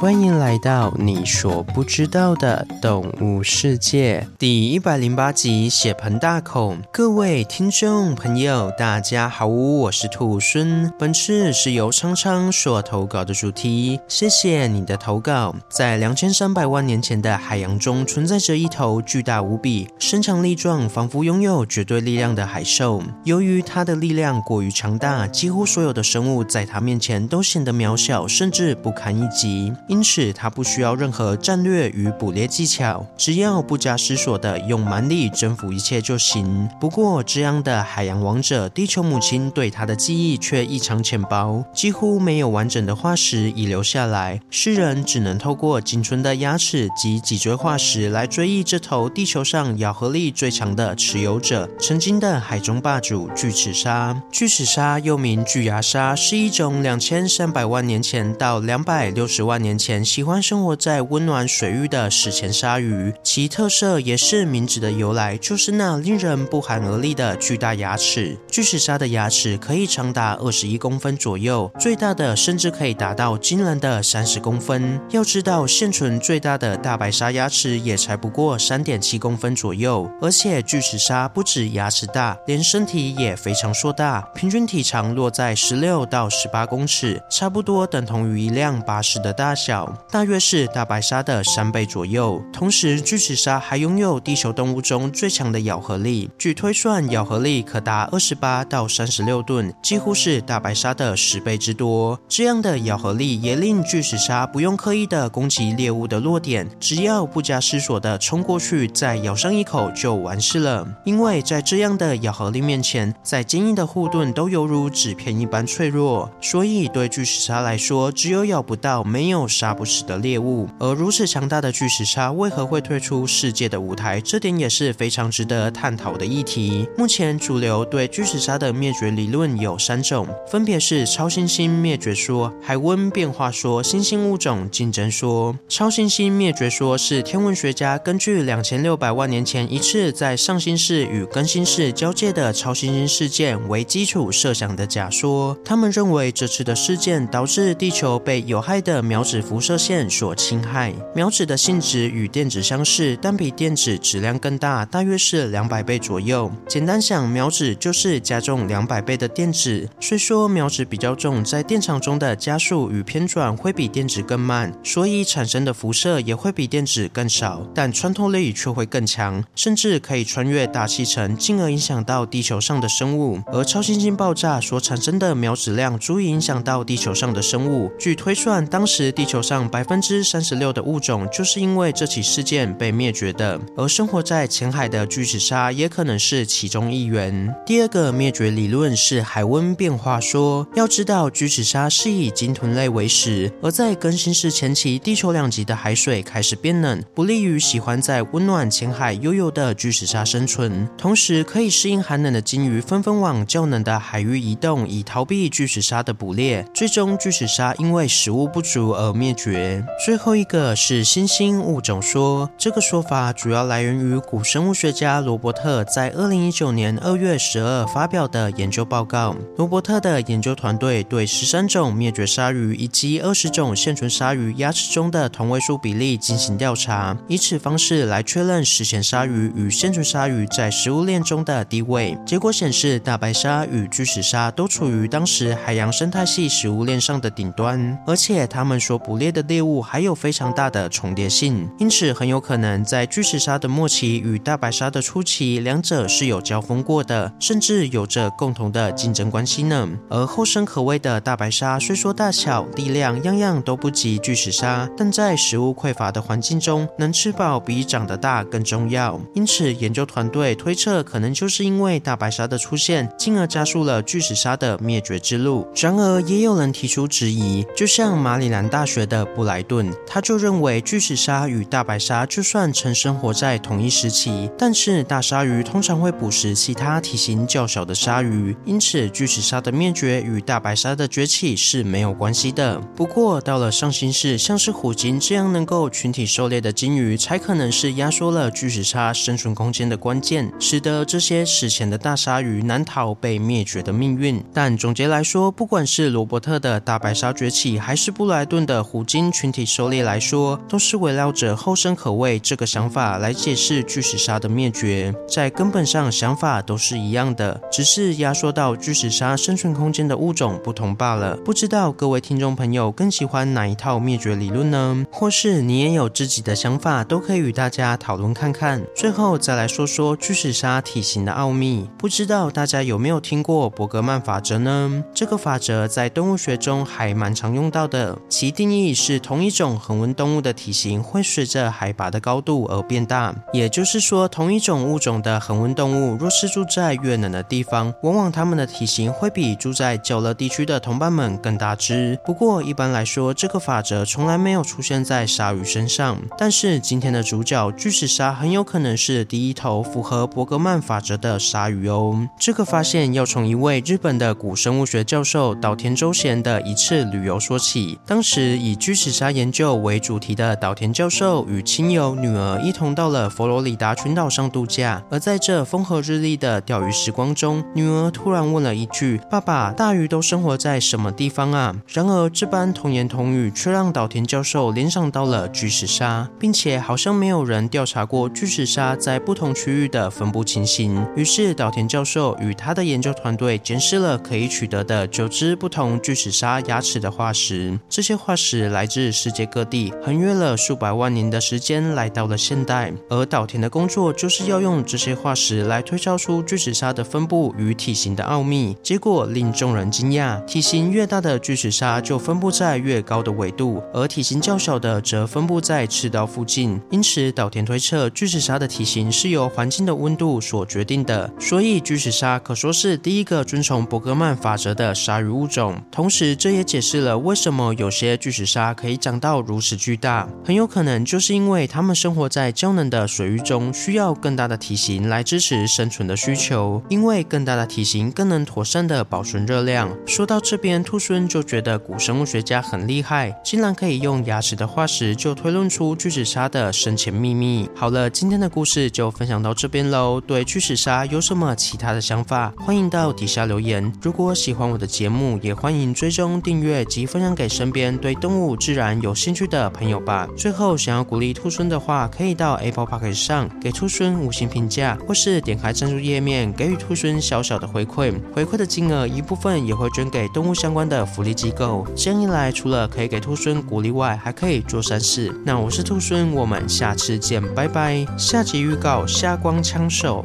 歡迎來到你所不知道的動物世界第一百零八集血盆大口。各位聽眾朋友，大家好，我是兔猻。本次是由昌昌所投稿的主題，謝謝你的投稿。在兩千三百萬年前的海洋中，存在着一頭巨大無比、身強力壯，仿佛擁有絕對力量的海獸。由於它的力量過於強大，幾乎所有的生物在它面前都顯得渺小，甚至不堪一擊。因此，它不需要任何戰略與捕獵技巧，只要不假思索地用蠻力征服一切就行。不過，這樣的海洋王者，地球母親對它的記憶卻異常淺薄，幾乎沒有完整的化石遺留下來。世人只能透過僅存的牙齒及脊椎化石來追憶這頭地球上咬合力最強的持有者——曾經的海中霸主巨齒鯊——巨齒鯊。巨齒鯊又名巨牙鯊，是一種兩千三百萬年前到兩百六十萬年前。前喜歡生活在溫暖水域的史前鯊魚，其特色也是名字的由來，就是那令人不寒而栗的巨大牙齒。巨齒鯊的牙齒可以長達二十一公分左右，最大的甚至可以達到驚人的三十公分。要知道，現存最大的大白鯊牙齒也才不過三點七公分左右，而且巨齒鯊不止牙齒大，連身體也非常碩大，平均體長落在十六到十八公尺，差不多等同於一輛巴士的大小。大約是大白鯊的三倍左右，同時巨齒鯊還擁有地球動物中最強的咬合力，據推算咬合力可達二十八到三十六噸，幾乎是大白鯊的十倍之多。這樣的咬合力也令巨齒鯊不用刻意的攻擊獵物的弱點，只要不假思索的衝過去，再咬上一口就完事了。因為在這樣的咬合力面前，再堅硬的護盾都猶如紙片一般脆弱，所以對巨齒鯊來說，只有咬不到沒有。殺不死的獵物，而如此強大的巨齒鯊為何會退出世界的舞台？這點也是非常值得探討的議題。目前主流對巨齒鯊的滅絕理論有三種，分別是超新星滅絕說、海溫變化說、新興物種競爭說。超新星滅絕說是天文學家根據2600萬年前一次在上新世與更新世交界的超新星事件為基礎設想的假說。他們認為這次的事件導致地球被有害的苗子，輻射線所侵害，緲子的性質與電子相似，但比電子質量更大，大約是兩百倍左右。簡單想，緲子就是加重兩百倍的電子。雖說緲子比較重，在電場中的加速與偏轉會比電子更慢，所以產生的輻射也會比電子更少，但穿透力卻會更強，甚至可以穿越大氣層，進而影響到地球上的生物。而超新星爆炸所產生的緲子量足以影響到地球上的生物。據推算，當時地球地球上百分之三十六的物種就是因為這起事件被滅絕的，而生活在淺海的巨齒鯊也可能是其中一員。第二個滅絕理論是海溫變化說。要知道，巨齒鯊是以鯨豚類為食，而在更新世前期，地球兩極的海水開始變冷，不利於喜歡在溫暖淺海悠游的巨齒鯊生存。同時，可以適應寒冷的鯨魚紛紛往較冷的海域移動，以逃避巨齒鯊的捕獵。最終，巨齒鯊因為食物不足而滅絕。最後一個是新興物種說，這個說法主要來源於古生物學家羅伯特在二零一九年二月十二發表的研究報告。羅伯特的研究團隊對十三種滅絕鯊魚以及二十種現存鯊魚牙齒中的同位素比例進行調查，以此方式來確認史前鯊魚與現存鯊魚在食物鏈中的地位。結果顯示，大白鯊與巨齒鯊都處於當時海洋生態系食物鏈上的頂端，而且他們說不。捕獵的獵物還有非常大的重疊性，因此很有可能在巨齒鯊的末期與大白鯊的初期，兩者是有交鋒過的，甚至有着共同的競爭關係呢。而後生可畏的大白鯊雖說大小、力量樣樣都不及巨齒鯊，但在食物匱乏的環境中，能吃飽比長得大更重要。因此，研究團隊推測，可能就是因為大白鯊的出現，進而加速了巨齒鯊的滅絕之路。然而，也有人提出質疑，就像馬里蘭大學。覺得布萊頓，他就認為巨齒鯊與大白鯊就算曾生活在同一時期，但是大鯊魚通常會捕食其他體型較小的鯊魚，因此巨齒鯊的滅絕與大白鯊的崛起是沒有關係的。不過到了上新世，像是虎鯨這樣能夠群體狩獵的鯨魚，才可能是壓縮了巨齒鯊生存空間的關鍵，使得這些史前的大鯊魚難逃被滅絕的命運。但總結來說，不管是羅伯特的大白鯊崛起，還是布萊頓的。虎鯨群體狩獵來說，都是圍繞着後生可畏這個想法來解釋巨齒鯊的滅絕，在根本上想法都是一樣的，只是壓縮到巨齒鯊生存空間的物種不同罷了。不知道各位聽眾朋友更喜歡哪一套滅絕理論呢？或是你也有自己的想法，都可以與大家討論看看。最後再來說說巨齒鯊體型的奧秘，不知道大家有沒有聽過伯格曼法則呢？這個法則在動物學中還蠻常用到的，其定義。意是同一種恆溫動物的體型會隨着海拔的高度而變大，也就是說，同一種物種的恆溫動物若是住在越冷的地方，往往它們的體型會比住在較熱地區的同伴們更大只。不過一般來說，這個法則從來沒有出現在鯊魚身上。但是今天的主角巨齒鯊很有可能是第一頭符合伯格曼法則的鯊魚哦。這個發現要從一位日本的古生物學教授島田周賢的一次旅遊說起，當時已。以巨齒鯊研究為主題的島田教授與親友女兒一同到了佛羅里達群島上度假，而在這風和日麗的釣魚時光中，女兒突然問了一句：“爸爸，大魚都生活在什麼地方啊？”然而這般童言童語卻讓島田教授聯想到了巨齒鯊，并且好像沒有人調查過巨齒鯊在不同區域的分布情形。於是島田教授與他的研究團隊監視了可以取得的九只不同巨齒鯊牙齒的化石，這些化石。來自世界各地，橫越了數百萬年的時間，來到了現代。而島田的工作就是要用這些化石來推敲出巨齒鯊的分布與體型的奧秘。結果令眾人驚訝：體型越大的巨齒鯊就分布在越高的緯度，而體型較小的則分布在赤道附近。因此，島田推測巨齒鯊的體型是由環境的溫度所決定的。所以，巨齒鯊可說是第一個遵從伯格曼法則的鯊魚物種。同時，這也解釋了為什麼有些巨。巨齒鯊可以長到如此巨大，很有可能就是因為他們生活在較冷的水域中，需要更大的體型來支持生存的需求。因為更大的體型更能妥善的保存熱量。說到這邊，兔孫就覺得古生物學家很厲害，竟然可以用牙齒的化石就推論出巨齒鯊的生前秘密。好了，今天的故事就分享到這邊嘍。對巨齒鯊有什麼其他的想法，歡迎到底下留言。如果喜歡我的節目，也歡迎追蹤訂閱及分享給身邊對動物動物自然有興趣的朋友吧。最後，想要鼓勵兔猻的話，可以到 Apple Podcast 上給兔猻五星評價，或是點開贊助頁面給予兔猻小小的回饋。回饋的金額一部分也會捐給動物相關的福利機構。這樣一來，除了可以給兔猻鼓勵外，還可以做善事。那我是兔猻，我們下次見，拜拜。下集預告：瞎光槍手。